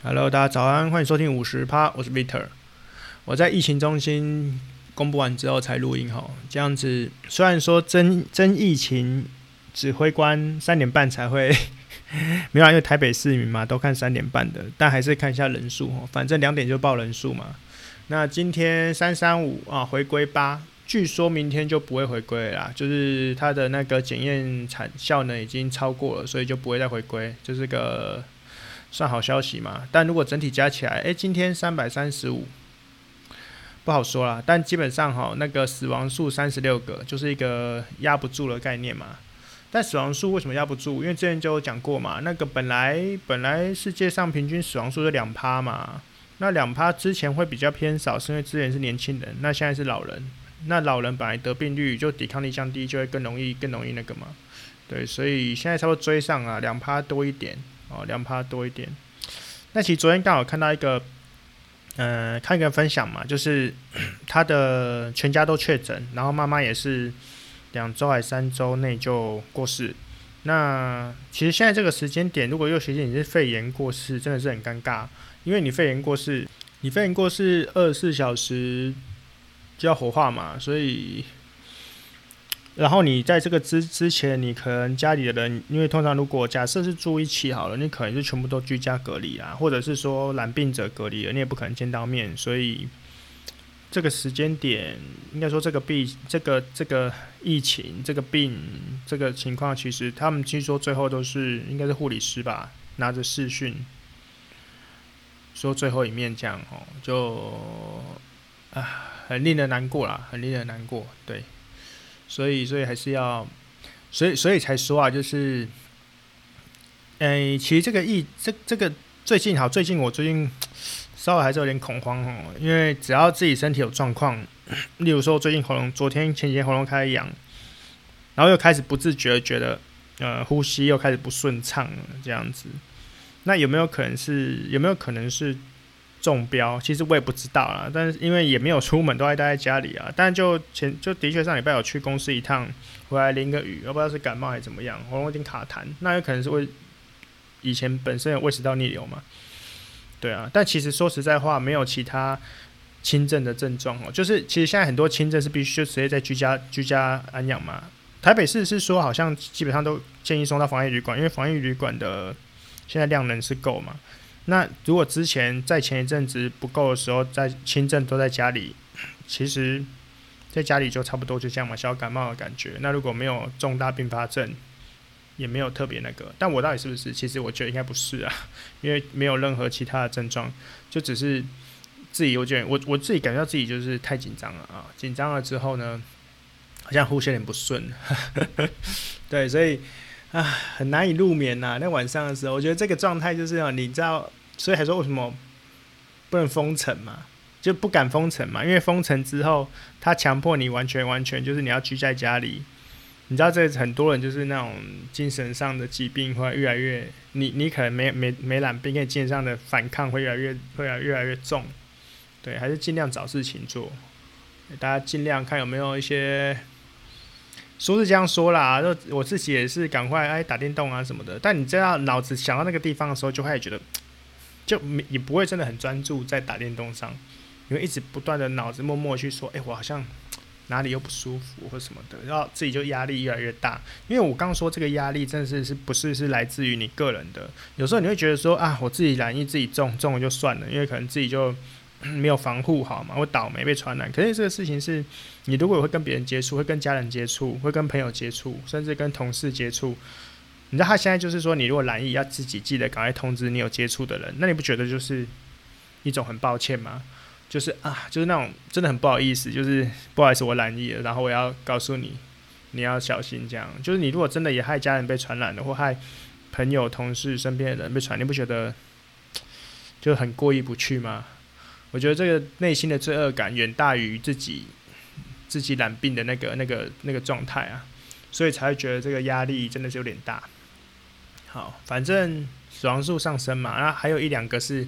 Hello，大家早安，歡迎收聽五十趴，我是 Vitter。我在疫情中心公布完之後才錄音哈，這樣子雖然說真真疫情指揮官三點半才會，呵呵沒辦法，因為台北市民嘛都看三點半的，但還是看一下人數哦，反正兩點就報人數嘛。那今天三三五啊回歸八，據說明天就不會回歸啦，就是它的那個檢驗產效能已經超過了，所以就不會再回歸，就是個。算好消息嘛？但如果整體加起來，誒，今天三百三十五，不好說啦。但基本上哈，那個死亡數三十六個，就是一個壓不住的概念嘛。但死亡數為什麼壓不住？因為之前就有講過嘛，那個本來本來世界上平均死亡數是兩趴嘛，那兩趴之前會比較偏少，是因為之前是年輕人，那現在是老人，那老人本來得病率就抵抗力降低，就會更容易更容易那個嘛。對，所以現在差不多追上啊，兩趴多一點。哦，兩趴多一點。那其實昨天剛好看到一個，呃，看一個分享嘛，就是他的全家都確診，然後媽媽也是兩周還三周內就過世。那其實現在這個時間點，如果又學姐你是肺炎過世，真的是很尷尬，因為你肺炎過世，你肺炎過世二十四小時就要火化嘛，所以。然後你在這個之之前，你可能家裡的人，因為通常如果假設是住一起好了，你可能是全部都居家隔離啦，或者是說染病者隔離了，你也不可能見到面，所以這個時間點，應該說這個病、這個這個疫情、這個病這個情況，其實他們聽說最後都是應該是護理師吧，拿着視訊說最後一面，這樣哦，就啊，很令人難過啦，很令人難過，對。所以，所以還是要，所以，所以才說啊，就是，哎、欸，其實這個疫，這這個最近哈，最近我最近稍微還是有點恐慌哦，因為只要自己身體有狀況，例如說最近喉嚨，昨天前幾天喉嚨開始癢，然後又開始不自覺覺得，呃，呼吸又開始不順暢了這樣子，那有沒有可能是？有沒有可能是？中標，其實我也不知道啦，但是因為也沒有出門，都愛待在家裡啊。但就前就的確上禮拜有去公司一趟，回來淋個雨，我不知道是感冒還是怎麼樣，喉嚨有點卡痰，那有可能是胃，以前本身有胃食道逆流嘛。對啊，但其實說實在話，沒有其他輕症的症狀哦。就是其實現在很多輕症是必須就直接在居家居家安養嘛。台北市是說好像基本上都建議送到防疫旅館，因為防疫旅館的現在量能是夠嘛。那如果之前在前一陣子不夠的時候，在輕症都在家裡，其實，在家裡就差不多就這樣嘛，小感冒的感覺。那如果沒有重大併發症，也沒有特別那個。但我到底是不是？其實我覺得應該不是啊，因為沒有任何其他的症狀，就只是自己有點我覺得我，我自己感覺到自己就是太緊張了啊，緊張了之後呢，好像呼吸有點不順， 對，所以啊，很難以入眠吶、啊。那晚上的時候，我覺得這個狀態就是哦、啊，你知道。所以還說為什麼不能封城嘛，就不敢封城嘛？因為封城之後，他強迫你完全完全，就是你要居在家裡。你知道、這個，這很多人就是那種精神上的疾病，會越來越，你你可能沒沒沒染病，但精神上的反抗會越來越，會來越來越重。對，還是儘量找事情做。大家儘量看有沒有一些，說是這樣說啦，就我自己也是趕快哎打電動啊什麼的。但你知道腦子想到那個地方的時候，就開始覺得，就也不會真的很專注在打電動上，因為一直不斷的腦子默默去說，哎、欸，我好像哪裡又不舒服或什麼的，然後自己就壓力越來越大。因為我剛剛說這個壓力真的是是不是是來自於你個人的，有時候你會覺得說啊，我自己染疫自己中中了就算了，因為可能自己就沒有防護好嘛，我倒霉被傳染。可是這個事情是你如果會跟別人接觸，會跟家人接觸，會跟朋友接觸，甚至跟同事接觸。你知道他現在就是說，你如果染疫要自己記得趕快通知你有接觸的人，那你不覺得就是一種很抱歉嗎？就是啊，就是那種真的很不好意思，就是不好意思，我染疫了，然後我要告訴你，你要小心這樣。就是你如果真的也害家人被傳染了，或害朋友、同事、身邊的人被傳染，你不覺得就很過意不去嗎？我覺得這個內心的罪惡感遠大於自己自己染病的那個、那個、那個狀態啊，所以才會覺得這個壓力真的是有點大。好，反正死亡數上升嘛，那還有一兩個是，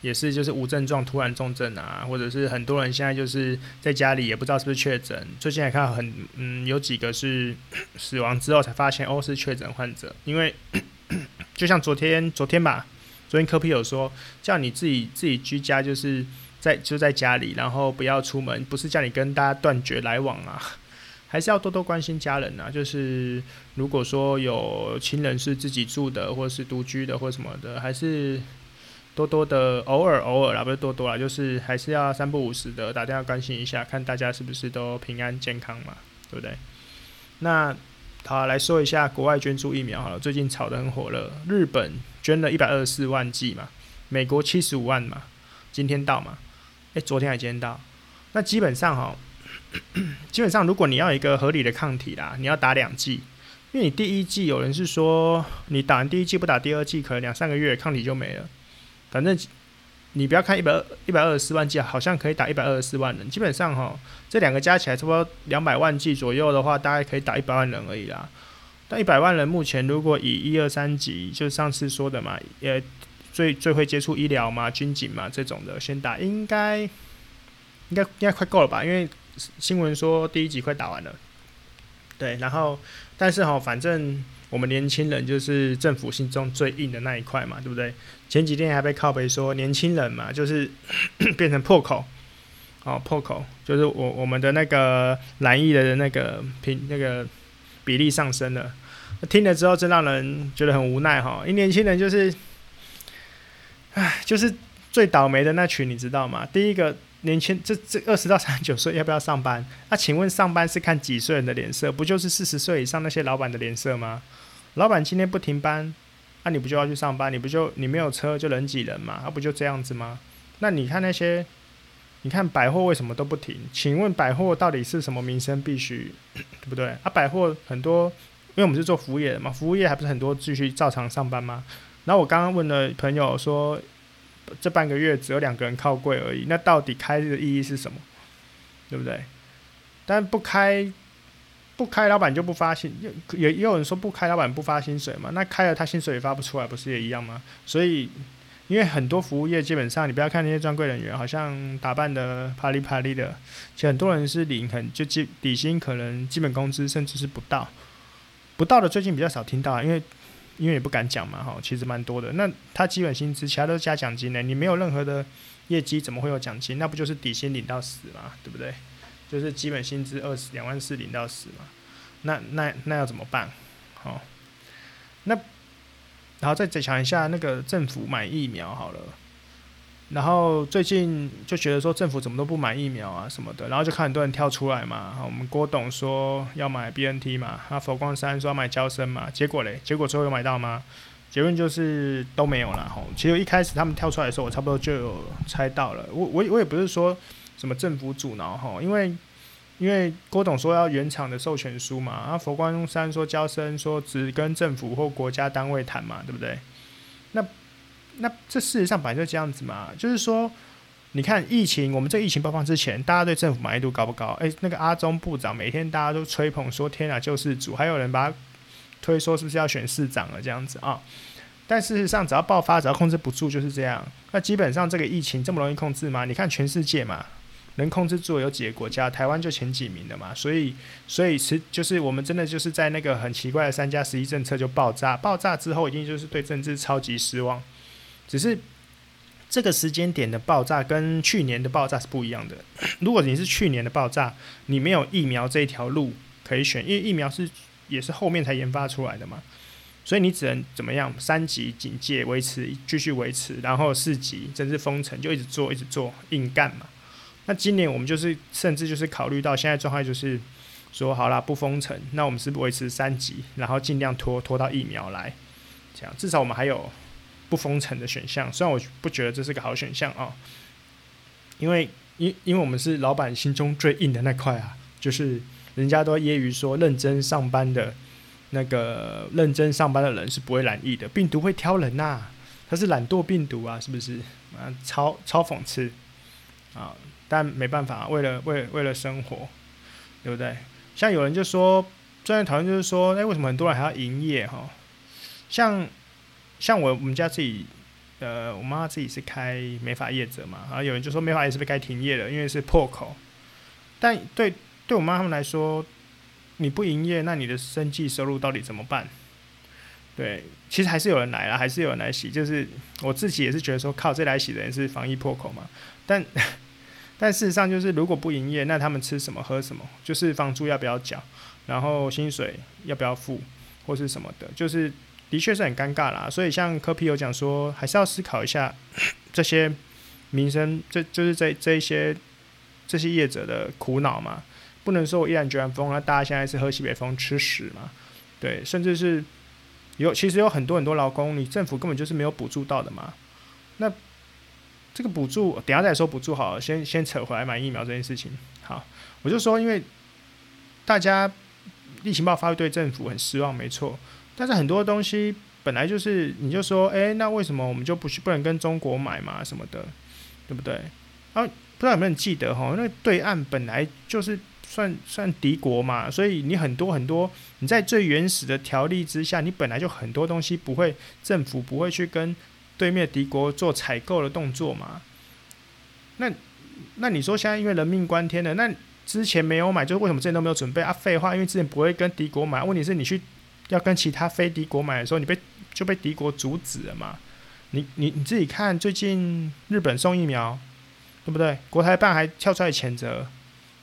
也是就是無症狀突然重症啊，或者是很多人現在就是在家裡也不知道是不是確診。最近也看到很，嗯，有幾個是死亡之後才發現哦，是確診患者，因為 就像昨天昨天吧，昨天柯 P 有說叫你自己自己居家就是在就在家裡，然後不要出門，不是叫你跟大家斷絕來往啊。還是要多多關心家人啊，就是如果說有親人是自己住的，或者是獨居的，或什麼的，還是多多的偶爾偶爾啦，不是多多啦，就是還是要三不五時的打電話關心一下，看大家是不是都平安健康嘛，對不對？那好、啊、來說一下國外捐助疫苗好了，最近炒得很火了，日本捐了一百二十四萬劑嘛，美國七十五萬嘛，今天到嘛？誒、欸，昨天還今天到，那基本上哈。基本上，如果你要一個合理的抗體啦，你要打兩劑，因為你第一劑有人是說你打完第一劑不打第二劑，可能兩三個月抗體就沒了。反正你不要看一百二一百二十四萬劑，好像可以打一百二十四萬人。基本上哈，這兩個加起來差不多兩百萬劑左右的話，大概可以打一百萬人而已啦。但一百萬人目前如果以一二三級，就上次說的嘛，也最最會接觸醫療嘛、軍警嘛這種的先打，應該應該應該快夠了吧？因為新聞說第一集快打完了，對，然後但是哈，反正我們年輕人就是政府心中最硬的那一塊嘛，對不對？前幾天還被靠北說年輕人嘛，就是呵呵變成破口，哦，破口就是我我們的那個藍翼的那個平那個比例上升了，聽了之後真讓人覺得很無奈哈，因為年輕人就是，唉，就是最倒霉的那群，你知道嗎？第一個。年輕這這二十到三十九歲要不要上班？那、啊、請問上班是看幾歲人的臉色？不就是四十歲以上那些老闆的臉色嗎？老闆今天不停班，那、啊、你不就要去上班？你不就你沒有車就人擠人嘛？啊，不就這樣子嗎？那你看那些，你看百貨為什麼都不停？請問百貨到底是什麼民生必需？ 對不對？啊，百貨很多，因為我們是做服務業的嘛，服務業還不是很多繼續照常上班嗎？然後我剛剛問了朋友說。這半個月只有兩個人靠櫃而已，那到底開的意義是什麼？對不對？但不開，不開，老闆就不發薪，也也有人說不開，老闆不發薪水嘛？那開了他薪水也發不出來，不是也一樣嗎？所以，因為很多服務業基本上，你不要看那些專櫃人員，好像打扮的啪哩啪哩的，其實很多人是領很就基底薪，可能基本工資甚至是不到，不到的最近比較少聽到，啊，因為。因為也不敢講嘛，哈，其實蠻多的。那他基本薪資，其他都是加獎金的。你沒有任何的業績，怎麼會有獎金？那不就是底薪領到死嘛，對不對？就是基本薪資二十兩萬四領到死嘛。那那那要怎麼辦？好，那，然後再再講一下那個政府買疫苗好了。然後最近就覺得說政府怎麼都不買疫苗啊什麼的，然後就看很多人跳出來嘛。我們郭董說要買 BNT 嘛，啊佛光山說要買嬌生嘛，結果嘞，結果最後有買到嗎？結論就是都沒有了吼，其實一開始他們跳出來的時候，我差不多就有猜到了。我我我也不是說什麼政府阻撓吼，因為因為郭董說要原廠的授權書嘛，啊佛光山說嬌生說只跟政府或國家單位談嘛，對不對？那。那這事實上本來就這樣子嘛，就是說，你看疫情，我們這個疫情爆發之前，大家對政府滿意度高不高？哎，那個阿中部長每天大家都吹捧說天啊救世主，還有人把他推說是不是要選市長了這樣子啊？但事實上只要爆發，只要控制不住就是這樣。那基本上這個疫情這麼容易控制嗎？你看全世界嘛，能控制住有幾個國家？台灣就前幾名的嘛，所以所以是就是我們真的就是在那個很奇怪的三加十一政策就爆炸，爆炸之後一定就是對政治超級失望。只是這個時間點的爆炸跟去年的爆炸是不一樣的。如果你是去年的爆炸，你沒有疫苗這一條路可以選，因為疫苗是也是後面才研發出來的嘛，所以你只能怎麼樣？三級警戒維持，繼續維持，然後四級甚至封城，就一直做，一直做，硬幹嘛？那今年我們就是甚至就是考慮到現在狀態，就是說好了不封城，那我們是維持三級，然後盡量拖，拖到疫苗來，這樣至少我們還有不封城的選項，雖然我不覺得這是個好選項啊、喔，因為因因為我們是老闆心中最硬的那塊啊，就是人家都揶揄說認真上班的那個認真上班的人是不會染疫的，病毒會挑人吶、啊，他是懶惰病毒啊，是不是啊？超超諷刺啊！但沒辦法、啊，為了為了為了生活，對不對？像有人就說，專業討論就是說，哎、欸，為什麼很多人還要營業哈、喔？像。像我我們家自己，呃，我媽媽自己是開美髮業者嘛，然後有人就說美髮業是不該停業的，因為是破口，但對，對我媽媽他們來說，你不營業，那你的生計收入到底怎麼辦？對，其實還是有人來了，還是有人來洗。就是我自己也是覺得說，靠這來洗的人是防疫破口嘛。但但事實上就是，如果不營業，那他們吃什麼喝什麼？就是房租要不要繳？然後薪水要不要付？或是什麼的？就是。的確是很尷尬啦，所以像柯 P 有講說，還是要思考一下這些民生，這就是這這一些這些業者的苦惱嘛。不能說我毅然決然封，那大家現在是喝西北風吃屎嘛？對，甚至是有其實有很多很多勞工，你政府根本就是沒有補助到的嘛。那這個補助等下再說補助好了，先先扯回來買疫苗這件事情。好，我就說，因為大家疫情爆發對政府很失望，沒錯。但是很多東西本來就是，你就說，欸，那為什麼我們就不去不能跟中國買嘛什麼的，對不對？然後，啊，不知道有沒有人記得哈，因為對岸本來就是算算敵國嘛，所以你很多很多，你在最原始的條例之下，你本來就很多東西不會，政府不會去跟對面敵國做採購的動作嘛。那那你說現在因為人命關天的，那之前沒有買，就是為什麼之前都沒有準備啊？廢話，因為之前不會跟敵國買，問題是你去。要跟其他非敵國買的時候，你被就被敵國阻止了嘛？你你你自己看，最近日本送疫苗，對不對？國台辦還跳出來譴責，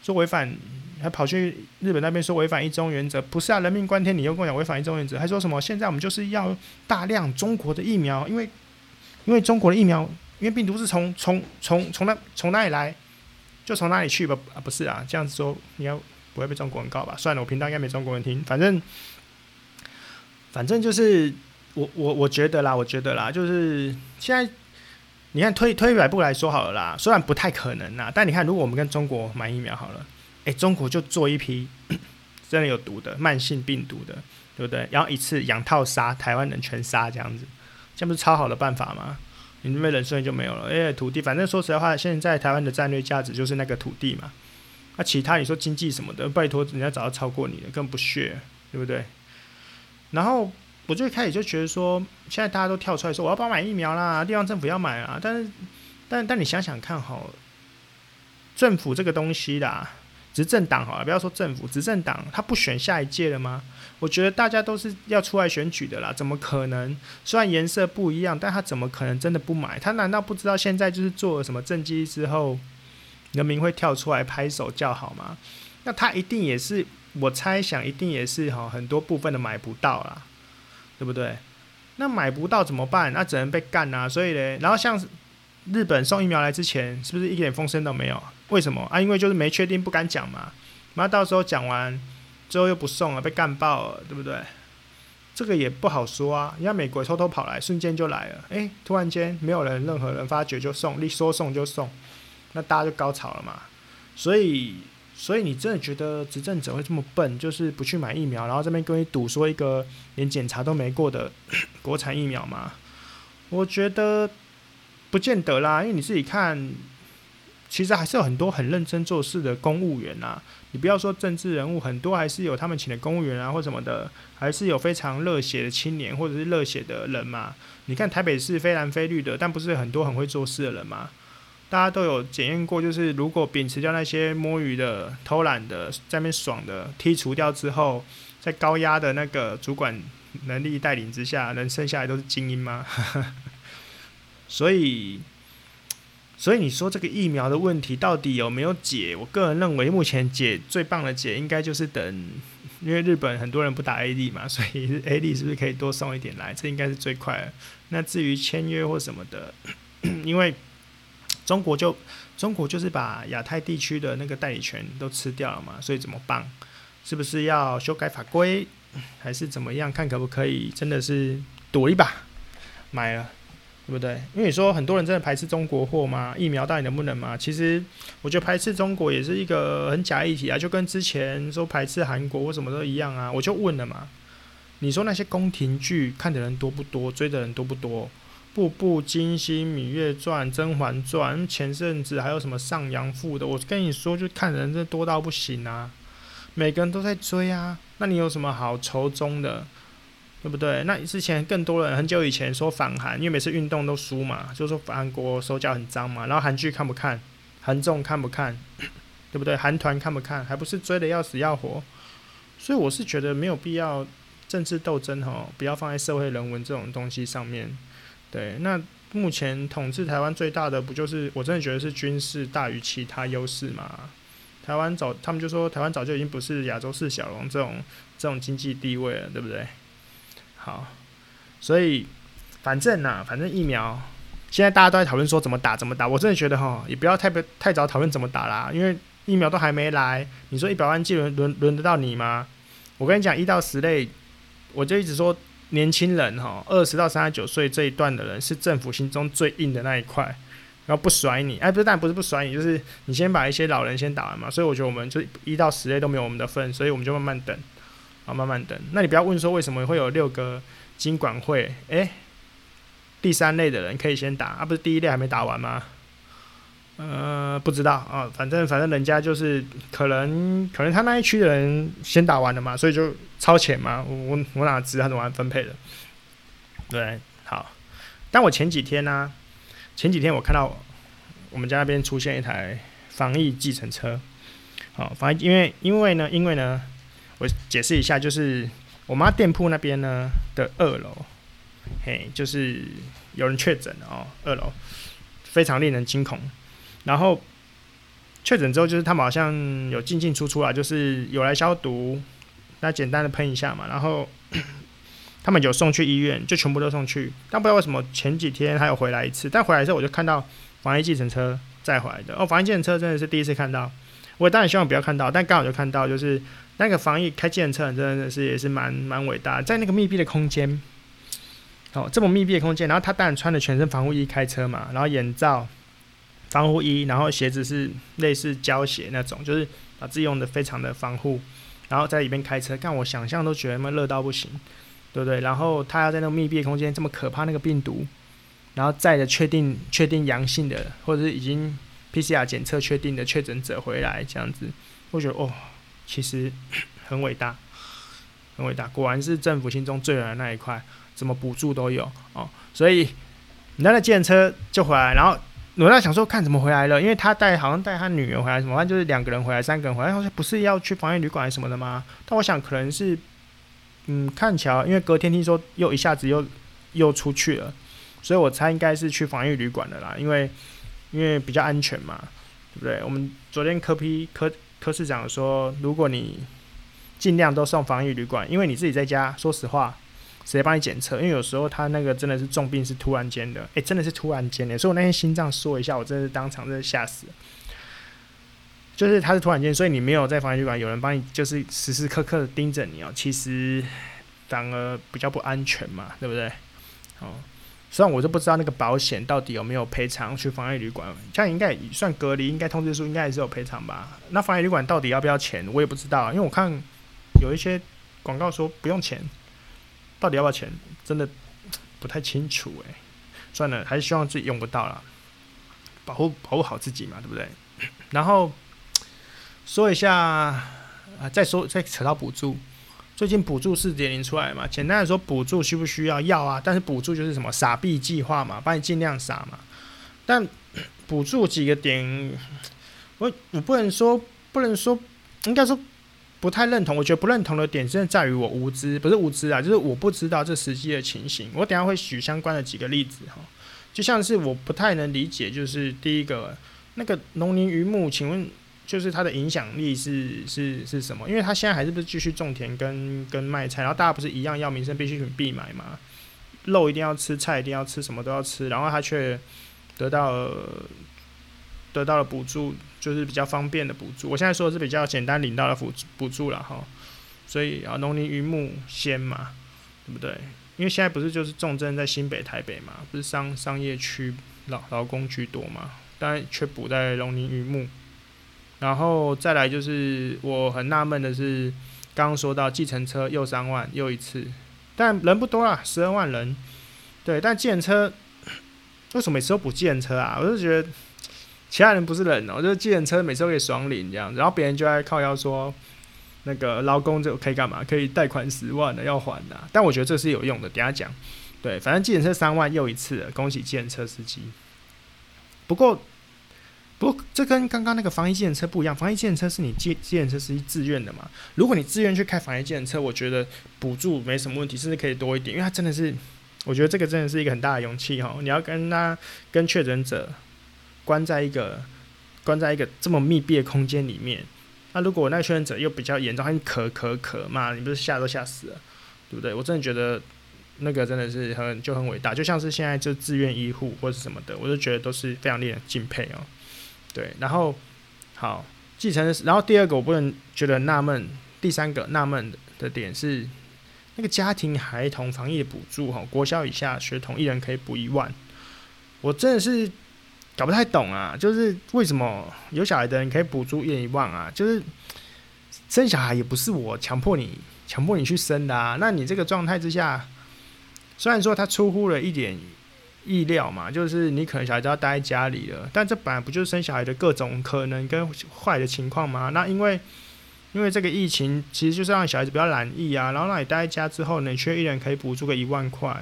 說違反，還跑去日本那邊說違反一中原則。不是啊，人命關天，你又跟我講違反一中原則，還說什麼？現在我們就是要大量中國的疫苗，因為因為中國的疫苗，因為病毒是從從從從那從哪裡來，就從哪裡去吧。啊，不是啊，這樣子說應該不會被中國人告吧？算了，我頻道應該沒中國人聽，反正。反正就是我我我覺得啦，我覺得啦，就是現在你看退退一百步來說好了啦，雖然不太可能啦，但你看如果我們跟中國買疫苗好了，誒、欸，中國就做一批真的有毒的慢性病毒的，對不對？然後一次養套殺台灣人全殺這樣子，這樣不是超好的辦法嗎？你那邊人瞬間就沒有了，誒、欸，土地，反正說實在話，現在台灣的戰略價值就是那個土地嘛。那、啊、其他你說經濟什麼的，拜托人家早就超過你了，更不屑，對不對？然後我最開始就覺得說，現在大家都跳出來說我要幫忙買疫苗啦，地方政府要買啊。但是，但但你想想看吼，政府這個東西啦，執政黨好了，不要說政府，執政黨他不選下一屆了嗎？我覺得大家都是要出來選舉的啦，怎麼可能？雖然顏色不一樣，但他怎麼可能真的不買？他難道不知道現在就是做了什麼政績之後，人民會跳出來拍手叫好嗎？那他一定也是。我猜想一定也是哈，很多部分的買不到了，對不對？那買不到怎麼辦？那、啊、只能被幹啊！所以嘞，然後像日本送疫苗來之前，是不是一點風聲都沒有？為什麼啊？因為就是沒確定，不敢講嘛。那到時候講完之後又不送了，被幹爆了，對不對？這個也不好說啊。你看美國偷偷跑來，瞬間就來了，誒、欸，突然間沒有人任何人發覺就送，你說送就送，那大家就高潮了嘛。所以。所以你真的覺得執政者會這麼笨？就是不去買疫苗，然後這邊跟你賭說一個連檢查都沒過的 國產疫苗嗎？我覺得不見得啦，因為你自己看，其實還是有很多很認真做事的公務員啊。你不要說政治人物，很多還是有他們請的公務員啊，或什麼的，還是有非常熱血的青年或者是熱血的人嘛。你看台北市非藍非綠的，但不是很多很會做事的人嘛？大家都有檢驗過，就是如果摒除掉那些摸魚的、偷懶的、在那邊爽的，剔除掉之後，在高壓的那個主管能力帶領之下，能剩下來都是精英嗎？ 所以，所以你說這個疫苗的問題到底有沒有解？我個人認為，目前解最棒的解，應該就是等，因為日本很多人不打 A D 嘛，所以 A D 是不是可以多送一點來？這應該是最快的。那至於簽約或什麼的， 因為。中國就中國就是把亞太地區的那個代理權都吃掉了嘛，所以怎麼辦？是不是要修改法規，還是怎麼樣？看可不可以，真的是賭一把，買了，對不對？因為你說很多人真的排斥中國貨嘛，疫苗到底能不能嘛？其實我覺得排斥中國也是一個很假議題啊，就跟之前說排斥韓國或什麼都一樣啊。我就問了嘛，你說那些宮廷劇看的人多不多，追的人多不多？步步驚心、《羋月傳》、《甄嬛傳》、前陣子還有什麼《上陽賦》的，我跟你說，就看人真多到不行啊！每個人都在追啊，那你有什麼好仇中的？對不對？那之前更多人很久以前說反韓，因為每次運動都輸嘛，就說韓國手腳很髒嘛，然後韓劇看不看？韓綜看不看？ 對不對？韓團看不看？還不是追得要死要活？所以我是覺得沒有必要政治鬥爭齁，不要放在社會人文這種東西上面。對，那目前統治台灣最大的不就是，我真的覺得是軍事大於其他優勢嘛？台灣早，他們就說台灣早就已經不是亞洲四小龍這種這種經濟地位了，對不對？好，所以反正呢、啊、反正疫苗現在大家都在討論說怎麼打怎麼打，我真的覺得哈，也不要太不太早討論怎麼打啦，因為疫苗都還沒來，你說一百萬劑輪輪輪得到你嗎？我跟你講一到十類，我就一直說。年輕人哈、喔，二十到三十九歲這一段的人是政府心中最硬的那一塊，然後不甩你，哎、欸，不是，但不是不甩你，就是你先把一些老人先打完嘛。所以我覺得我們就一到十類都沒有我們的份，所以我們就慢慢等，啊，慢慢等。那你不要問說為什麼會有六個金管會，哎、欸，第三類的人可以先打啊，不是第一類還沒打完嗎？呃，不知道啊、哦，反正反正人家就是可能可能他那一區的人先打完了嘛，所以就超前嘛。我我哪知道他怎麼分配的？對，好。但我前幾天呢、啊，前幾天我看到我們家那邊出現一台防疫計程車。好、哦，防疫因為因為呢，因為呢，我解釋一下，就是我媽店鋪那邊呢的二樓，嘿，就是有人確診哦，二樓非常令人驚恐。然後確診之後，就是他們好像有進進出出啊，就是有來消毒，那簡單的噴一下嘛。然後他們有送去醫院，就全部都送去。但不知道為什麼前幾天還有回來一次，但回來的時候我就看到防疫計程車載、載回來的。哦，防疫計程車真的是第一次看到，我當然希望不要看到，但剛好就看到，就是那個防疫開計程車，真的是也是蠻蠻偉大，在那個密閉的空間，哦，這麼密閉的空間，然後他當然穿的全身防護衣開車嘛，然後眼罩。防護衣，然後鞋子是類似膠鞋那種，就是把自己用的非常的防護，然後在裡面開車，看我想象都覺得悶熱到不行，對不對，對？然後他要在那種密閉空間這麼可怕那個病毒，然後載著確定確定陽性的，或者是已經 PCR 檢測確定的確診者回來這樣子，我覺得哦，其實很偉大，很偉大，果然是政府心中最軟的那一塊，怎麼補助都有哦，所以拿了電車就回來，然後。我在想說，看怎麼回來了，因為他帶好像帶他女兒回來什麼，反正就是兩個人回來，三個人回來，他說不是要去防疫旅館什麼的嗎？但我想可能是，嗯，看起來，因為隔天聽說又一下子又又出去了，所以我猜應該是去防疫旅館的啦，因為因為比較安全嘛，對不對？我們昨天柯 P，柯，柯市長說，如果你盡量都送防疫旅館，因為你自己在家，說實話。直接幫你檢測，因為有時候他那個真的是重病是突然間的，欸，真的是突然間的。所以我那天心臟說一下，我真的是當場真的是嚇死。就是他是突然間，所以你沒有在防疫旅館，有人幫你，就是時時刻刻的盯着你哦。其實反而比較不安全嘛，對不對？哦，雖然我就不知道那個保險到底有沒有賠償，去防疫旅館，像應該也算隔離，應該通知書應該也是有賠償吧。那防疫旅館到底要不要錢，我也不知道，因為我看有一些廣告說不用錢。到底要不要錢？真的不太清楚欸。算了，還是希望自己用不到了，保護保護好自己嘛，對不對？然後說一下啊，再說再扯到補助。最近補助四點零出來嘛，簡單的說，補助需不需要要啊？但是補助就是什麼撒幣計劃嘛，幫你盡量撒嘛。但補助幾個點，我我不能說不能說，應該說。不太認同，我覺得不認同的點真的在於我無知，不是無知啊，就是我不知道這實際的情形。我等下會舉相關的幾個例子哈，就像是我不太能理解，就是第一個那個農林漁牧，請問就是它的影響力是是是什麼？因為他現在還是不是繼續種田跟跟賣菜，然後大家不是一樣要民生必需品必買嘛，肉一定要吃，菜一定要吃，什麼都要吃，然後他卻得到了得到了補助。就是比較方便的補助，我現在說的是比較簡單領到的補助補助了哈，所以啊，農林漁牧先嘛，對不對？因為現在不是就是重鎮在新北、台北嘛，不是商商業區老勞工居多嘛，但卻補在農林漁牧，然後再來就是我很納悶的是，剛剛說到計程車又三萬又一次，但人不多啦，十二萬人，對，但計程車為什麼每次都補計程車啊？我就覺得。其他人不是人哦、喔，就是計程車每次都可以爽領這樣，然後別人就愛靠腰說那個勞工就可以幹嘛？可以貸款十萬的、啊、要還的、啊。但我覺得這是有用的，等下講。對，反正計程車三萬又一次，恭喜計程車司機。不過，不過這跟剛剛那個防疫計程車不一樣，防疫計程車是你計計程車是自願的嘛？如果你自願去開防疫計程車，我覺得補助沒什麼問題，甚至可以多一點，因為它真的是，我覺得這個真的是一個很大的勇氣哦。你要跟他跟確診者。關在一個關在一個這麼密閉的空間裡面，那、啊、如果我那個確診者又比較嚴重，還咳咳咳嘛，你不是嚇都嚇死了，對不對？我真的覺得那個真的是很就很偉大，就像是現在就自願醫護或是什麼的，我就覺得都是非常令人敬佩哦、喔。對，然後好繼承，然後第二個我不能覺得納悶，第三個納悶的點是那個家庭孩童防疫補助哈、喔，國小以下學童一人可以補一萬，我真的是。搞不太懂啊，就是為什麼有小孩的人可以補助一人一萬啊？就是生小孩也不是我強迫你，強迫你去生的啊。那你這個狀態之下，雖然說他出乎了一點意料嘛，就是你可能小孩就要待在家裡了，但這本來不就是生小孩的各種可能跟壞的情況嗎？那因為因為這個疫情，其實就是讓小孩子比較懶意啊，然後讓你待在家之後呢，你卻一人可以補助個一萬塊。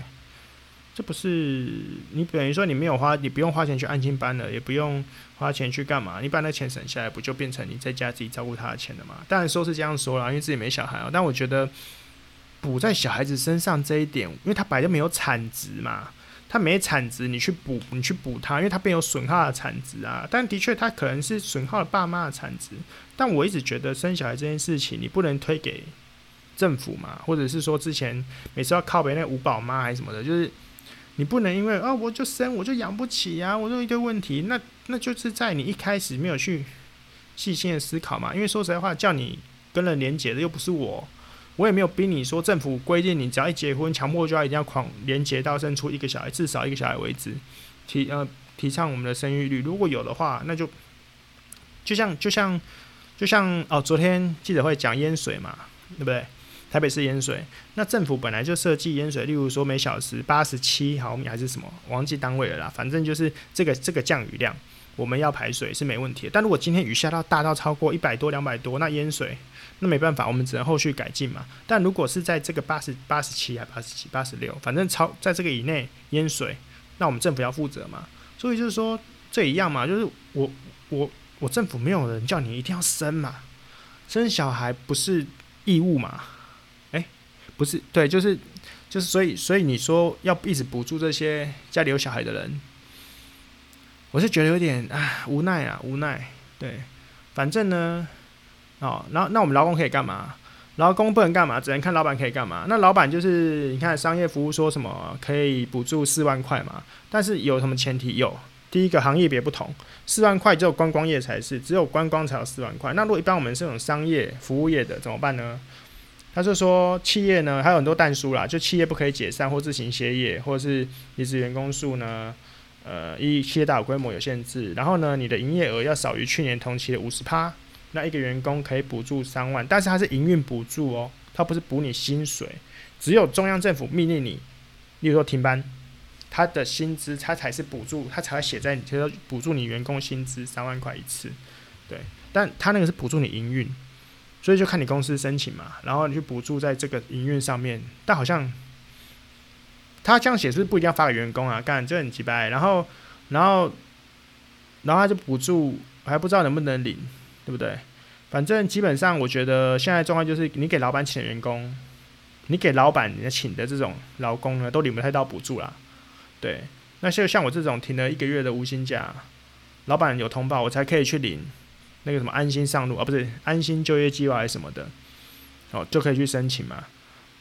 這不是你等於說你沒有花，你不用花錢去安親班了，也不用花錢去幹嘛，你把那錢省下來，不就變成你在家自己照顧他的錢了嘛？當然說是這樣說啦，因為自己沒小孩啊、喔。但我覺得補在小孩子身上這一點，因為他本來就沒有產值嘛，他沒產值，你去補，你去補他，因為他沒有損耗的產值啊。但的確，他可能是損耗了爸媽的產值。但我一直覺得生小孩這件事情，你不能推給政府嘛，或者是說之前每次要靠北那五寶媽還是什麼的，就是。你不能因為啊，我就生我就養不起啊，我就一堆問題，那那就是在你一開始沒有去細心的思考嘛。因為說實在話，叫你跟人連結的又不是我，我也沒有逼你說政府規定你只要一結婚，強迫就要一定要狂連結到生出一個小孩，至少一個小孩為止，提呃提倡我們的生育率。如果有的話，那就就像就像就像，就像哦，昨天記者會講淹水嘛，對不對？台北市淹水，那政府本來就設計淹水，例如說每小時八十七毫米還是什麼，忘記單位了啦，反正就是這個這個降雨量，我們要排水是沒問題。但如果今天雨下到大到超過一百多兩百多，那淹水那沒辦法，我們只能後續改進嘛。但如果是在這個八十八十七還八十七八十六，反正超在這個以內淹水，那我們政府要負責嘛。所以就是說，這一樣嘛，就是我我我政府沒有人叫你一定要生嘛，生小孩不是義務嘛。不是對，就是就是，所以所以你說要一直補助這些家裡有小孩的人，我是覺得有點啊無奈啊無奈。對，反正呢，哦，然後那我們勞工可以幹嘛？勞工不能幹嘛，只能看老闆可以幹嘛。那老闆就是你看商業服務說什麼可以補助四萬塊嘛？但是有什麼前提？有第一個行業別不同，四萬塊只有觀光業才是，只有觀光才有四萬塊。那如果一般我們是這種商業服務業的怎麼辦呢？他是說，企業呢還有很多但書啦，就企業不可以解散或自行歇業，或者是離職員工數呢，呃，一企業大小規模有限制，然後呢，你的營業額要少於去年同期的五十趴，那一個員工可以補助三萬，但是它是營運補助哦、喔，它不是補你薪水，只有中央政府命令你，例如說停班，他的薪資他才是補助，他才會寫在你，就說、是、補助你員工薪資三萬塊一次，對，但他那個是補助你營運。所以就看你公司申請嘛，然後你去補助在這個營運上面，但好像他這樣寫是不一定要發給員工啊，幹，然這很奇怪。然後，然後，然後他就補助還不知道能不能領，對不對？反正基本上我覺得現在狀況就是，你給老板請員工，你給老板人家請的這種勞工呢，都領不太到補助啦。對，那就像我這種停了一個月的無薪假，老板有通報我才可以去領。那個什麼安心上路啊，不是安心就業計劃還是什麼的，哦，就可以去申請嘛。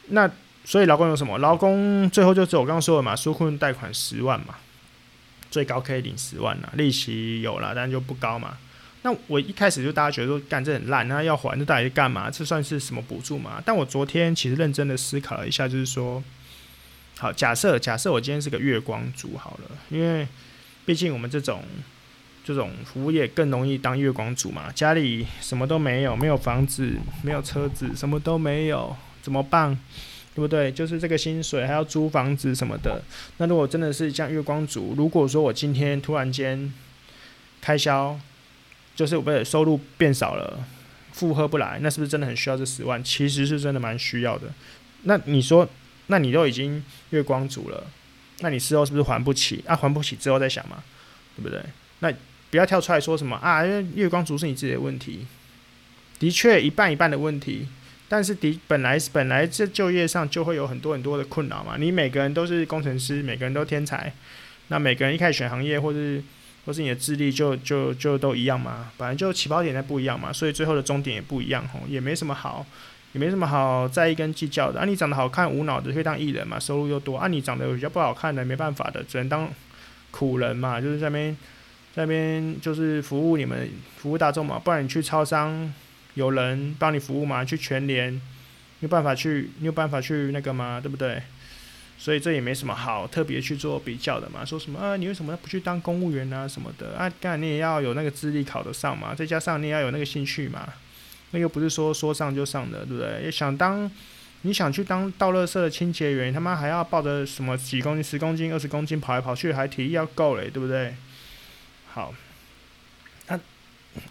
那所以勞工有什麼？勞工最後就是我剛剛說了嘛，紓困貸款十萬嘛，最高可以領十萬啦，利息有了，但就不高嘛。那我一開始就大家覺得說幹這很爛，那要還這到底是幹嘛？這算是什麼補助嘛？但我昨天其實認真的思考了一下，就是說，好，假設假設我今天是個月光族好了，因為畢竟我們這種。這種服務業更容易當月光族嘛。家裡什麼都沒有，沒有房子，沒有車子，什麼都沒有，怎麼辦？對不對？就是這個薪水還要租房子什麼的。那如果真的是像月光族，如果說我今天突然間開銷，就是我被收入變少了，負荷不來，那是不是真的很需要這十萬？其實是真的蠻需要的。那你說，那你都已經月光族了，那你事後是不是還不起？啊，還不起之後再想嘛，對不對？那。不要跳出來說什麼啊，因為月光族是你自己的問題，的確一半一半的問題。但是的本來本來這就業上就會有很多很多的困擾嘛。你每個人都是工程師，每個人都天才，那每個人一開始選行業或是或是你的智力就就就，就都一樣嘛。本來就起跑點在不一樣嘛，所以最後的終點也不一樣吼，也沒什麼好也沒什麼好在意跟計較的。啊，你長得好看無腦的會當藝人嘛，收入又多。啊，你長得比較不好看的沒辦法的，只能當苦人嘛，就是在那邊。在那邊就是服務你們，服務大眾嘛。不然你去超商，有人幫你服務嘛？去全聯，你有辦法去？你有辦法去那個嘛，對不對？所以這也沒什麼好特別去做比較的嘛。說什麼啊？你為什麼不去當公務員啊？什麼的啊？當然你也要有那個資歷考得上嘛。再加上你也要有那個興趣嘛。那又不是說說上就上的，對不對？也想當你想去當倒垃圾的清潔員，他媽還要抱着什麼幾公斤、十公斤、二十公斤跑來跑去，還體力要夠嘞、欸，對不對？好，那哎、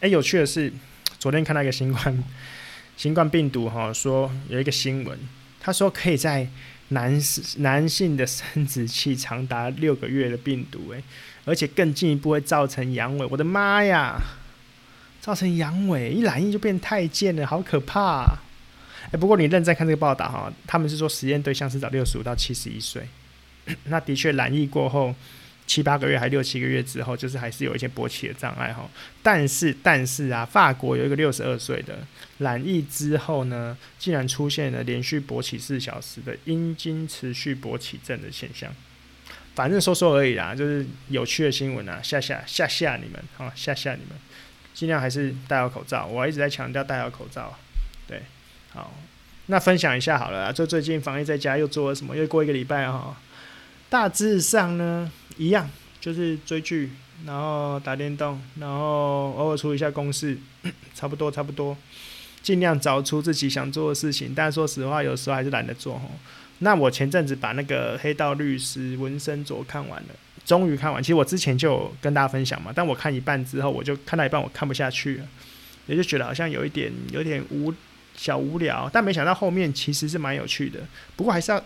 欸，有趣的是，昨天看到一個新冠新冠病毒哈，說有一個新聞，他說可以在男男性的生殖器長達六個月的病毒誒、欸，而且更進一步會造成陽痿，我的媽呀，造成陽痿，一染疫就變太監了，好可怕，啊！哎、欸，不過你認真看這個報道哈，他們是說實驗對象是找六十五到七十一歲，那的確染疫過後。七八個月，還六七個月之後，就是還是有一些勃起的障礙哈。但是，但是啊，法國有一個六十二歲的，染疫之後呢，竟然出現了連續勃起四小時的陰莖持續勃起症的現象。反正說說而已啦，就是有趣的新聞啊，嚇嚇嚇嚇你們，啊嚇嚇你們，盡量還是戴好口罩。我一直在強調戴好口罩，對，好，那分享一下好了，就最近防疫在家又做了什麼？又過一個禮拜哈、啊。大致上呢，一樣，就是追劇，然後打電動，然後偶爾處理一下公事，差不多差不多，盡量找出自己想做的事情。但說實話，有時候還是懶得做吼。那我前陣子把那個《黑道律師》文森佐看完了，終於看完。其實我之前就有跟大家分享嘛，但我看一半之後，我就看到一半，我看不下去了，也就覺得好像有一點有一點無小無聊。但沒想到後面其實是蠻有趣的，不過還是要。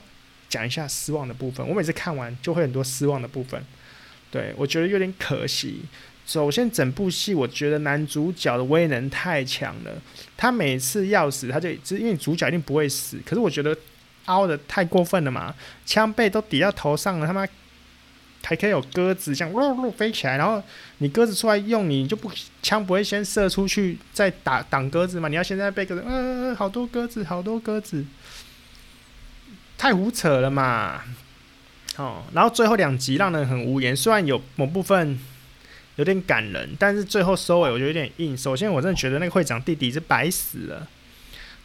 講一下失望的部分，我每次看完就會很多失望的部分，對，我覺得有點可惜。首先，整部戲我覺得男主角的威能太強了，他每次要死他就只因為主角一定不會死，可是我覺得凹得太過分了嘛，槍背都抵到頭上了，他媽還可以有鴿子像飛起來，然後你鴿子出來用你就不槍不會先射出去再打擋鴿子嘛，你要現在背個嗯嗯，好多鴿子，好多鴿子。太胡扯了嘛！哦，然後最後兩集讓人很無言，雖然有某部分有點感人，但是最後收尾我覺得有點硬。首先，我真的覺得那個會長弟弟是白死了，對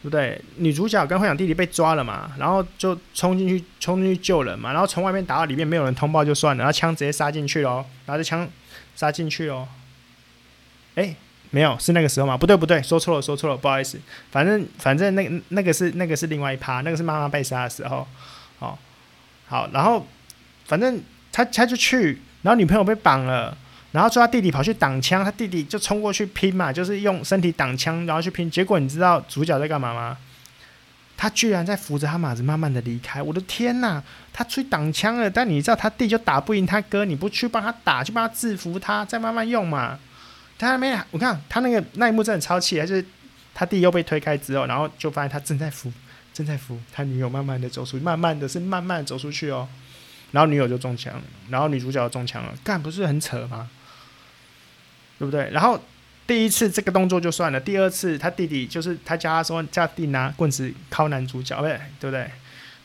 不對？女主角跟會長弟弟被抓了嘛，然後就衝進去沖進去救人嘛，然後從外面打到裡面沒有人通報就算了，然後槍直接殺進去嘍，然後拿著槍殺進去咯，誒。沒有，是那個時候嘛。不對，不對，說錯了，說錯了，不好意思。反正，反正那那個是那個是另外一趴，那個是媽媽被殺的時候。好，哦，好，然後反正他他就去，然後女朋友被綁了，然後抓他弟弟跑去擋槍，他弟弟就衝過去拼嘛，就是用身體擋槍，然後去拼。結果你知道主角在幹嘛嗎？他居然在扶着他馬子慢慢的離開。我的天吶，他出去擋槍了，但你知道他弟就打不贏他哥，你不去幫他打，去幫他制服他，再慢慢用嘛。他沒啊，我看他那個那一幕真的很超氣，還、就是他弟弟又被推開之後，然後就發現他正在扶，正在扶他女友，慢慢的走出去，慢慢的是慢慢走出去哦，然後女友就中槍，然後女主角就中槍了，幹，不是很扯嗎？對不對？然後第一次這個動作就算了，第二次他弟弟就是他叫他說叫弟拿棍子敲男主角，對對不對？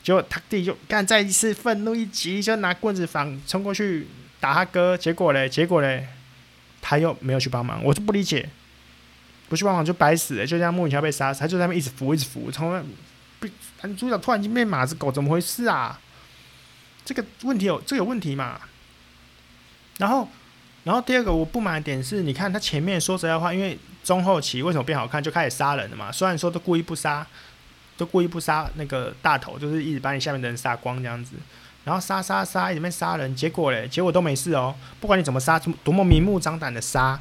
結果他弟弟就幹，再一次憤怒一急就拿棍子反衝過去打他哥，結果嘞，結果嘞。他又沒有去幫忙，我就不理解，不去幫忙就白死了。就像莫雨橋被殺死，他就在那邊一直扶，一直扶，從那被。主角突然間變馬子狗，怎麼回事啊？這個問題有，這個、有問題嘛？然後，然後第二個我不滿的點是，你看他前面說實在話，因為中後期為什麼變好看，就開始殺人了嘛？雖然說都故意不殺，都故意不殺那個大頭，就是一直把你下面的人殺光這樣子。然後殺殺殺，裡面殺人，結果嘞，結果都沒事哦。不管你怎麼殺，多麼明目張膽的殺，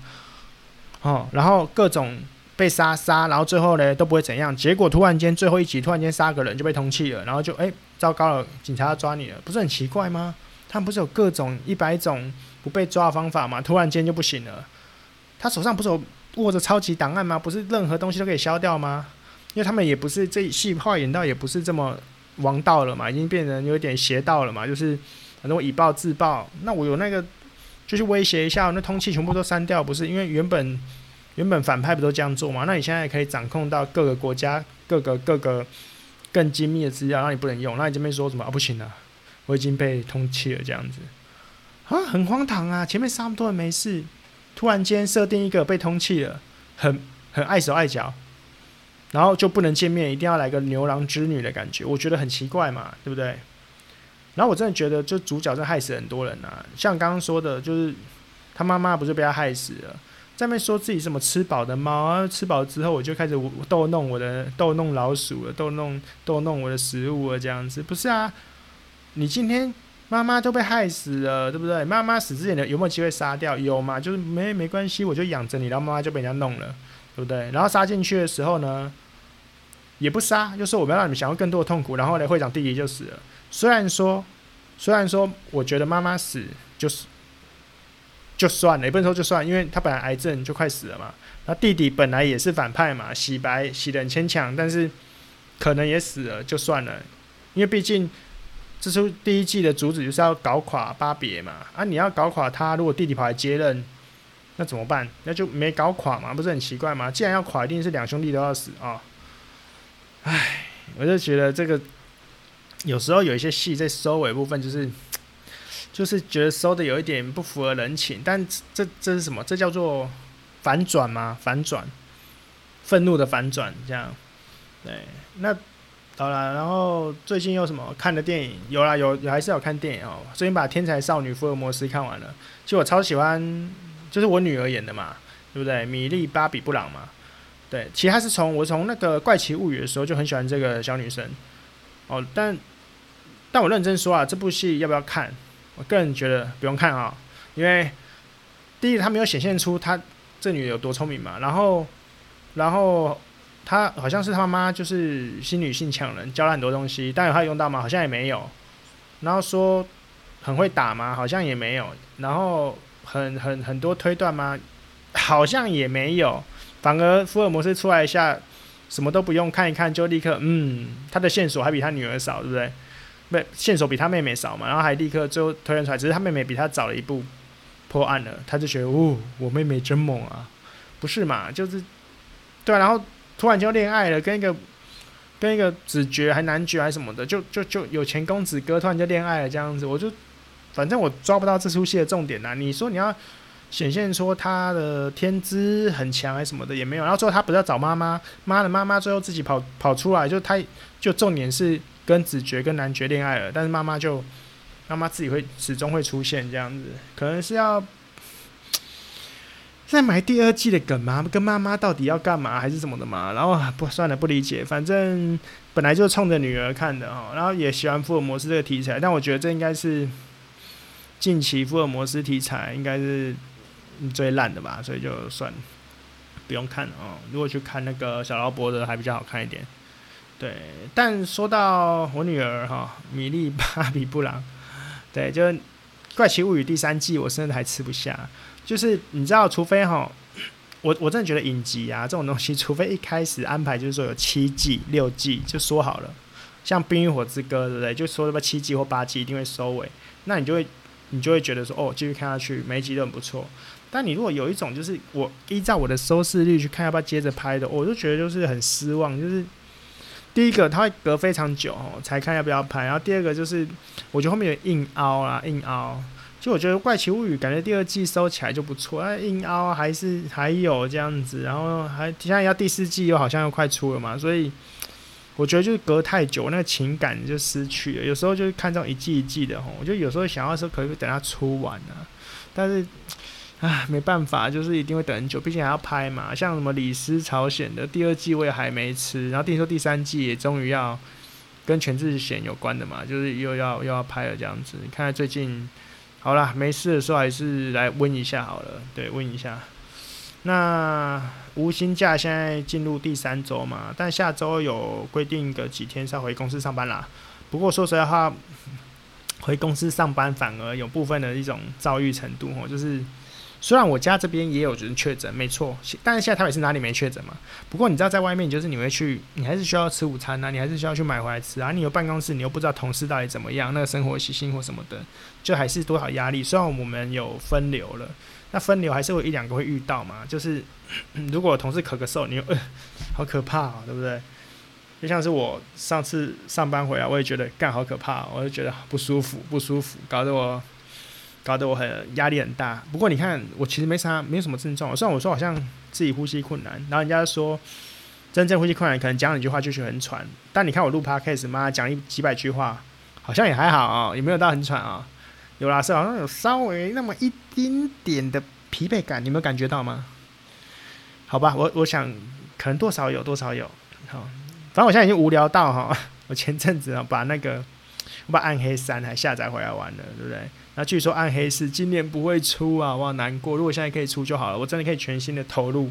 哦，然後各種被殺殺，然後最後呢都不會怎樣。結果突然間最後一集，突然間殺個人就被通緝了，然後就哎，糟糕了，警察要抓你了，不是很奇怪嗎？他們不是有各種一百種不被抓的方法嗎？突然間就不行了。他手上不是有握着超級檔案嗎？不是任何東西都可以消掉嗎？因為他們也不是這一戲話演到也不是這麼。王道了嘛，已經變成有點邪道了嘛，就是反正我以暴制暴。那我有那個，就是威脅一下，那通緝，全部都刪掉，不是？因為原本原本反派不都這樣做嘛？那你現在可以掌控到各個國家、各個各個更精密的資料，那你不能用？那你這邊說什麼？啊，不行啊，我已經被通緝了，這樣子啊，很荒唐啊！前面殺那麼多人沒事，突然間設定一個被通緝了，很很礙手礙腳。然後就不能見面，一定要來個牛郎織女的感覺，我覺得很奇怪嘛，對不對？然後我真的覺得，就主角在害死很多人啊，像剛剛說的，就是他媽媽不是被他害死了？在那邊說自己什麼吃飽的貓啊，吃飽之後我就開始我我逗弄我的逗弄老鼠了，逗弄逗弄我的食物啊。這樣子不是啊？你今天媽媽都被害死了，對不對？媽媽死之前的有沒有機會殺掉？有嘛？就是沒沒關係，我就養着你，然後媽媽就被人家弄了，對不對？然後殺進去的時候呢？也不殺，就是我們要讓你們享受更多的痛苦。然後呢，會長弟弟就死了。雖然說，雖然說，我覺得媽媽死就是就算了，也不能說就算了，因為他本來癌症就快死了嘛。那弟弟本來也是反派嘛，洗白洗得很牽強，但是可能也死了，就算了。因為畢竟這是第一季的主旨，就是要搞垮巴別嘛。啊，你要搞垮他，如果弟弟跑來接任，那怎麼辦？那就沒搞垮嘛，不是很奇怪嗎？既然要垮，一定是兩兄弟都要死啊。哦。唉，我就覺得這個有時候有一些戲在收尾部分，就是就是覺得收的有一點不符合人情，但這這是什麼？這叫做反轉嗎？反轉，憤怒的反轉，這樣對？那好了，然後最近又什麼看的電影？有啦，有，有還是有看電影哦，最近把《天才少女福爾摩斯》看完了，其實我超喜歡，就是我女兒演的嘛，對不對？米莉·巴比·布朗嘛。對，其實他是從我從那個《怪奇物語》的時候就很喜歡這個小女生，哦，但但我認真說啊，這部戲要不要看？我個人覺得不用看啊，因為第一，他沒有顯現出他這女的有多聰明嘛，然後，然後她好像是他媽媽就是新女性強人教了很多東西，但有她用到嗎？好像也沒有。然後說很會打嗎？好像也沒有。然後很很很多推斷嗎？好像也沒有。反而福爾摩斯出來一下，什麼都不用看一看就立刻，嗯，他的線索還比他女兒少，對不對？不，線索比他妹妹少嘛，然後還立刻就推斷出來，只是他妹妹比他早了一步破案了，他就覺得，哦，我妹妹真猛啊，不是嘛？就是對啊，然後突然就戀愛了，跟一個跟一個子爵還男爵還什麼的，就就就有錢公子哥突然就戀愛了這樣子，我就反正我抓不到這出戲的重點吶，你說你要？顯現出他的天資很強還是什麼的也沒有，然後最後他不是要找媽媽，媽的媽媽最後自己跑跑出來，就他就重點是跟子爵跟男爵戀愛了，但是媽媽就媽媽自己會始終會出現這樣子，可能是要再埋第二季的梗嘛，跟媽媽到底要幹嘛還是什麼的嘛？然後不算了，不理解，反正本來就衝着女兒看的哦，然後也喜歡福爾摩斯這個題材，但我覺得這應該是近期福爾摩斯題材應該是。最爛的吧，所以就算不用看了哦。如果去看那個小勞勃的，還比較好看一點。對，但說到我女兒哈、哦，米莉·芭比·布朗，對，就是《怪奇物語》第三季，我甚至還吃不下。就是你知道，除非哈，我我真的覺得影集啊這種東西，除非一開始安排就是說有七季六季就說好了，像《冰與火之歌》對不對？就說什麼七季或八季一定會收尾，那你就會你就會覺得說哦，繼續看下去，每一集都很不錯。但你如果有一種就是我依照我的收視率去看要不要接着拍的，我就覺得就是很失望。就是第一個它會隔非常久喔，才看要不要拍，然後第二個就是我覺得後面有硬凹啊硬凹。其實我覺得《怪奇物語》感覺第二季收起來就不錯啊，硬凹還是還有這樣子，然後還現在要第四季又好像又快出了嘛，所以我覺得就是隔太久那個情感，就失去了。有時候就是看這種一季一季的齁，我就有時候想要說可，可以等它出完呢、啊，但是。啊，沒辦法，就是一定會等很久，畢竟還要拍嘛。像什麼李屍朝鮮的第二季，我也還沒吃。然後聽說第三季也終於要跟全智賢有關的嘛，就是又要又要拍了這樣子。你看最近，好了，沒事的時候還是來問一下好了。對，問一下。那無薪假現在進入第三週嘛，但下週有規定個幾天是要回公司上班啦。不過說實在話，回公司上班反而有部分的一種躁鬱程度哦，就是。雖然我家這邊也有人確診，沒錯，但是現在台北市哪裡沒確診嘛？不過你知道在外面，就是你會去，你還是需要吃午餐吶、啊，你還是需要去買回來吃啊。你有辦公室，你又不知道同事到底怎麼樣，那個生活習性或什麼的，就還是多少壓力。雖然我們有分流了，那分流還是會一兩個會遇到嘛。就是呵呵如果同事咳咳嗽，你又、呃、好可怕啊，對不對？就像是我上次上班回來、啊，我也覺得幹好可怕、啊，我就覺得不舒服，不舒服，搞得我。搞得我很壓力很大，不過你看我其實沒啥，沒有什麼症狀。雖然我說好像自己呼吸困難，然後人家說真正呼吸困難可能講兩句話就是很喘。但你看我錄 podcast 嘛，講一幾百句話，好像也還好啊、喔，也沒有到很喘啊、喔。有啦是，好像有稍微那麼一丁點，點的疲憊感，你有沒有感覺到嗎？好吧，我我想可能多少有多少有。好，反正我現在已經無聊到哈、喔，我前陣子、喔、把那個我把暗黑三還下載回來玩了，對不對？那、啊、據說暗黑是今年不會出啊，哇，難過。如果現在可以出就好了，我真的可以全心的投入，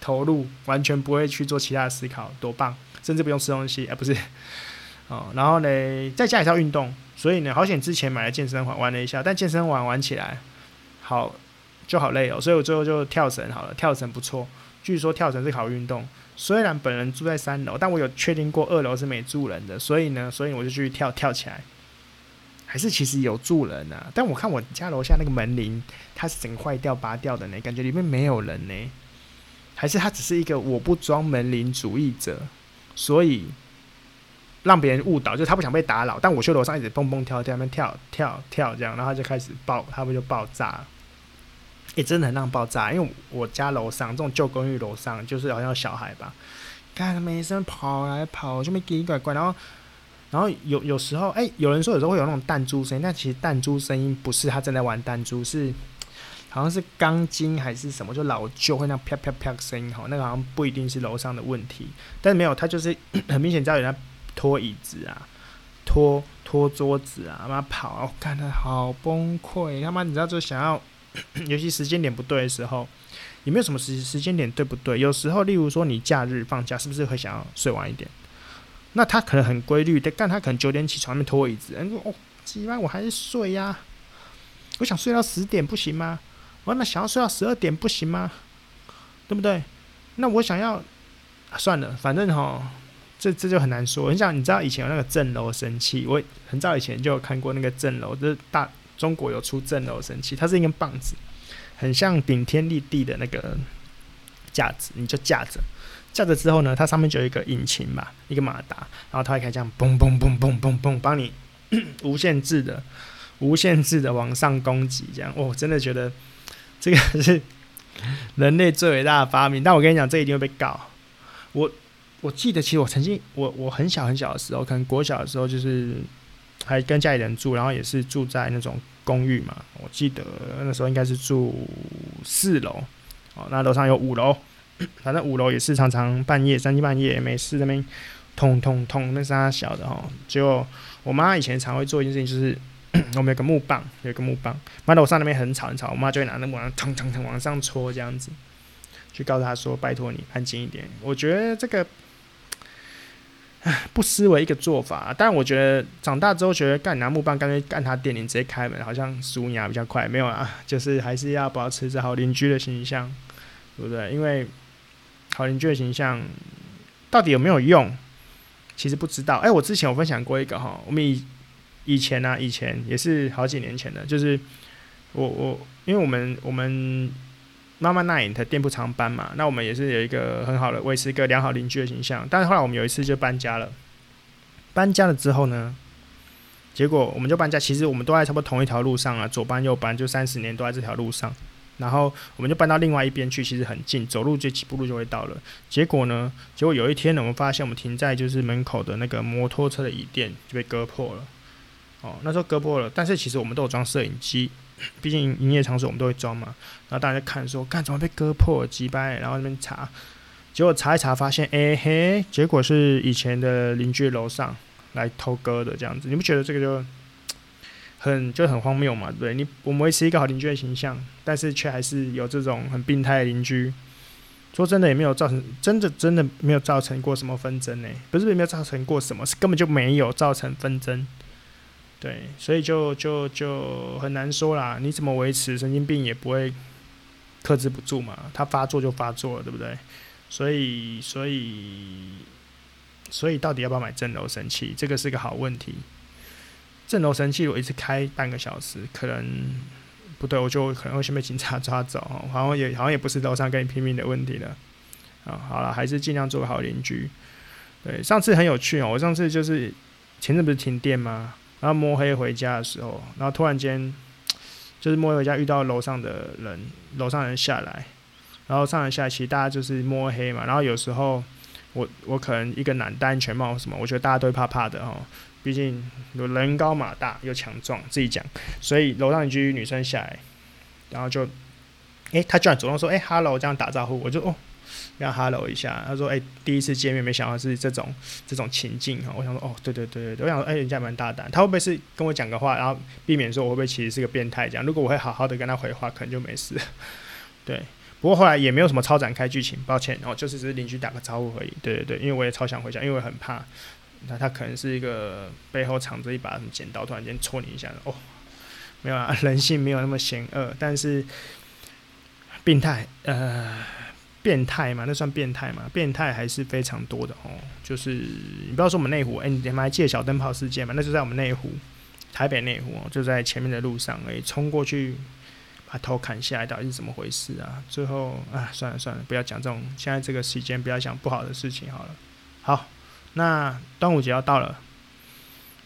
投入，完全不會去做其他的思考，多棒！甚至不用吃東西，哎、欸，不是，哦，然後呢，再加一下運動。所以呢，好險之前買了健身環，玩了一下，但健身環玩，玩起來好就好累哦，所以我最後就跳繩好了，跳繩不錯。據說跳繩是好運動，雖然本人住在三樓，但我有確定過二樓是沒住人的，所以呢，所以我就去跳跳起來。還是其實有住人啊，但我看我家樓下那個門鈴，它是整壞掉、拔掉的呢，感覺裡面沒有人呢。還是他只是一個我不裝門鈴主義者，所以讓別人誤導，就是他不想被打擾。但我去樓上一直蹦蹦跳跳，那邊跳跳跳這樣，然後他就開始爆，他們就爆炸也、欸、真的很讓爆炸，因為我家樓上這種舊公寓樓上，就是好像有小孩吧，看了門一聲跑來跑，就沒給一 ㄍ 然後。然後有有時候，哎、欸，有人說有時候會有那種彈珠聲音，但其實彈珠聲音不是他正在玩彈珠，是好像是鋼筋還是什麼，就老舊會那樣啪啪啪的聲音，吼，那個好像不一定是樓上的問題。但是沒有，他就是很明顯知道有人在拖椅子啊，拖拖桌子啊，他媽跑啊，我、哦、感到好崩潰。他媽你知道就想要，尤其時間點不對的時候，也沒有什麼時時間點對不對，有時候例如說你假日放假，是不是會想要睡晚一點？那他可能很規律，但但他可能九點起床，面拖椅子。人、欸、說，哦，雞巴，我還是睡呀，啊，我想睡到十點不行嗎？我、哦、那想要睡到十二點不行嗎？對不對？那我想要，啊，算了，反正哈，這這就很難說。很像你知道以前有那個震樓神器，我很早以前就有看過那個震樓，就是大中國有出震樓神器，它是一根棒子，很像頂天立地的那個架子，你就架着。下着之後呢，它上面就有一個引擎嘛，一個馬達，然後它還可以這樣嘣嘣嘣嘣嘣嘣，幫你無限制的、無限制的往上攻擊，這樣。哦，我真的覺得這個是人類最偉大的發明。但我跟你講，這一定會被告。我我記得，其實我曾經，我我很小很小的時候，可能國小的時候，就是還跟家裡人住，然後也是住在那種公寓嘛。我記得那時候應該是住四樓，哦，那樓上有五樓。反正五樓也是常常半夜三更半夜沒事那邊捅捅捅，那是他小的吼。結果我媽以前常會做一件事情，就是我們有個木棒，有個木棒，搬到我上那邊很吵很吵，我媽就會拿那木棒，捅捅捅往上戳這樣子，去告訴她說：“拜託你安靜一點。”我覺得這個，唉，不失為一個做法。但我覺得長大之後覺得幹拿木棒乾乾，乾脆按他電鈴，直接開門，好像俗一點比較快。沒有啊，就是還是要保持這好鄰居的形象，對不對？因為。好鄰居的形象到底有沒有用？其實不知道。哎、欸，我之前我分享過一個哈，我們以以前呢、啊，以前也是好幾年前的，就是我我，因為我們我們媽媽那裡的店鋪常搬嘛，那我們也是有一個很好的，維持一個良好鄰居的形象。但是後來我們有一次就搬家了，搬家了之後呢，結果我們就搬家，其實我們都在差不多同一條路上了、啊，左搬右搬，就三十年都在這條路上。然後我們就搬到另外一邊去，其實很近，走路這幾步路就會到了。結果呢？結果有一天呢，我們發現我們停在就是門口的那個摩托車的椅墊就被割破了。哦，那時候割破了，但是其實我們都有裝攝影機，畢竟營業場所我們都會裝嘛。然後大家看說，幹，怎麼被割破了、擠掰、欸，然後那邊查，結果查一查發現，誒、哎、嘿，結果是以前的鄰居樓上來偷割的這樣子。你不覺得這個就？很就很荒謬嘛，對，你我們維持一個好鄰居的形象，但是卻還是有這種很病態的鄰居。說真的，也沒有造成真的真的沒有造成過什麼紛爭呢、欸？不是沒有造成過什麼，是根本就沒有造成紛爭。對，所以就就就很難說啦。你怎麼維持？神經病也不會克制不住嘛，它發作就發作了，對不對？所以所以所以到底要不要買鎮樓神器？這個是個好問題。震樓神器，我一次開半個小時，可能不對，我就可能會先被警察抓走。好像也好像也不是樓上跟你拼命的問題了啊。好了，還是盡量做個好鄰居。對，上次很有趣哦、喔。我上次就是前陣不是停電嘛，然後摸黑回家的時候，然後突然間就是摸回家遇到樓上的人，樓上人下來，然後上人下來其實大家就是摸黑嘛。然後有時候。我我可能一個男單全貌什麼，我覺得大家都會怕怕的哦。畢竟有人高馬大又強壯，自己講。所以樓上一居女生下來，然後就，誒、欸，她居然主動說，哎哈嘍，Hello, 這樣打招呼，我就哦，然後哈嘍一下。她說，哎、欸，第一次見面，沒想到是這種這種情境哈。我想說，哦，對對對對，我想說，哎、欸，人家蠻大膽。她會不會是跟我講個話，然後避免說我會不會其實是個變態這樣？如果我會好好的跟她回話，可能就沒事。對。不過後來也沒有什麼超展開劇情，抱歉，哦，就是只是鄰居打個招呼而已。對對對，因為我也超想回家，因為我很怕，那他可能是一個背後藏着一把什麼剪刀，突然間戳你一下。哦，沒有啊，人性沒有那麼險惡，但是病態，呃，變態嘛，那算變態嘛？變態還是非常多的哦。就是你不要說我們內湖，哎、欸，你麥借小燈泡事件嘛？那就在我們內湖，台北內湖哦，就在前面的路上而已，衝過去。頭砍下來，到底是怎麼回事啊？最後啊，算了算了，不要講這種，現在這個時間不要講不好的事情好了。好，那端午節要到了，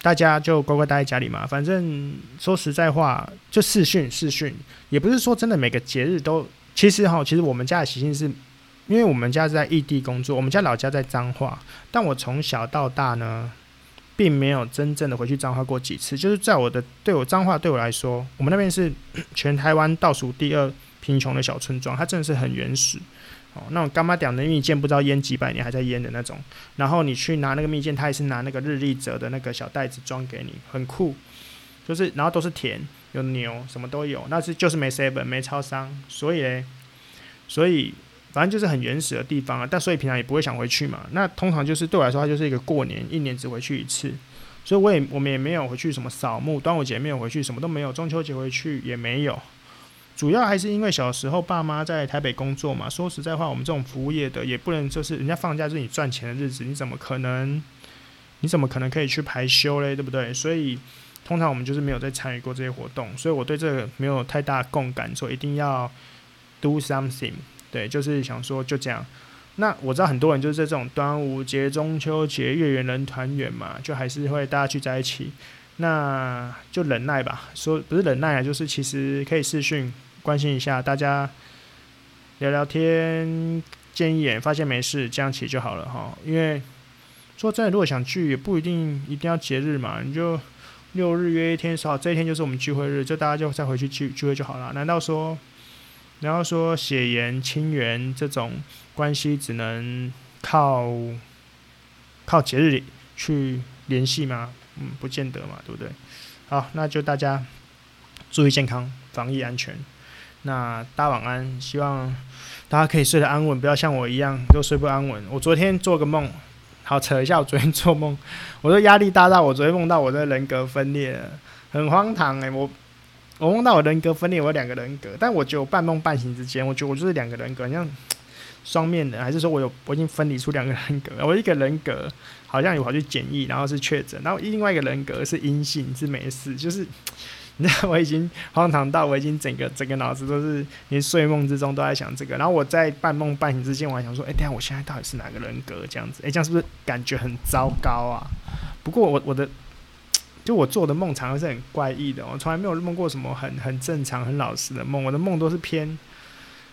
大家就乖乖待在家裡嘛。反正說實在話，就視訊視訊，也不是說真的每個節日都。其實哈，其實我們家的習性是，因為我們家是在異地工作，我們家老家在彰化，但我從小到大呢。並沒有真正的回去彰化過幾次，就是在我的對我彰化對我來說，我們那邊是全台灣倒數第二貧窮的小村莊，它真的是很原始哦，那種干媽屌的，因為蜜餞不知道醃幾百年還在醃的那種，然後你去拿那個蜜餞，他也是拿那個日曆折的那個小袋子裝給你，很酷，就是然後都是田有牛什麼都有，那是就是沒7沒超商，所以、欸、所以。反正就是很原始的地方啊，但所以平常也不會想回去嘛。那通常就是對我來說，它就是一個過年，一年只回去一次。所以我也我們也沒有回去什麼掃墓，端午節沒有回去，什麼都沒有，中秋節回去也沒有。主要還是因為小時候爸媽在台北工作嘛。說實在話，我們這種服務業的也不能，就是人家放假是你賺錢的日子，你怎麼可能？你怎麼可能可以去排休嘞？對不對？所以通常我們就是沒有在參與過這些活動，所以我對這個沒有太大共感，所以一定要 do something。對，就是想說就這樣。那我知道很多人就是在這種端午節、中秋節、月圓人團圓嘛，就還是會大家聚在一起。那就忍耐吧，說不是忍耐啊，就是其實可以視訊關心一下大家，聊聊天、見一眼，發現沒事，這樣起就好了哈。因為說真的，如果想聚也不一定一定要節日嘛，你就六日約一天，說這一天就是我們聚會日，就大家就再回去聚聚會就好了。難道說？然後說血緣、親緣這種關係，只能靠靠節日裡去聯繫嘛？嗯，不見得嘛，對不對？好，那就大家注意健康、防疫安全。那大晚安，希望大家可以睡得安穩，不要像我一樣又睡不安穩。我昨天做個夢，好扯一下，我昨天做夢，我的壓力大到我昨天夢到我的人格分裂，很荒唐哎、欸，我。我夢到我人格分裂，我有兩個人格，但我覺得我半夢半醒之間，我覺得我就是兩個人格，像雙面人，還是說我有我已經分離出兩個人格，我一個人格好像有好去檢疫，然後是確診，然後另外一個人格是陰性，是沒事，就是你知道我已經荒唐到我已經整個整個腦子都是連睡夢之中都在想這個，然後我在半夢半醒之間，我還想說，誒、欸，等下我現在到底是哪個人格這樣子？誒、欸，這樣是不是感覺很糟糕啊？不過我我的。就我做的夢，常常是很怪異的、喔，我從來沒有夢過什麼很很正常、很老實的夢。我的夢都是偏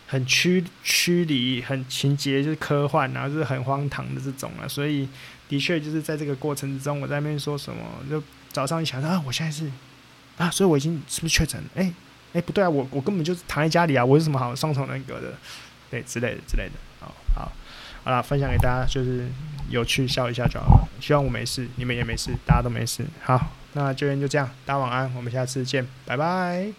很曲曲離、很情節就是科幻、啊，然後就是很荒唐的這種啊。所以的確就是在這個過程之中，我在那邊說什麼，就早上一想到啊，我現在是啊，所以我已經是不是確診了？哎、欸、哎、欸，不對啊，我我根本就是躺在家裡啊，我有什麼好雙重人格的？對，之類的之類的。好、哦、好。好了，分享給大家就是有趣笑一下就好了。希望我沒事，你們也沒事，大家都沒事。好，那今天就這樣，大家晚安，我們下次見，拜拜。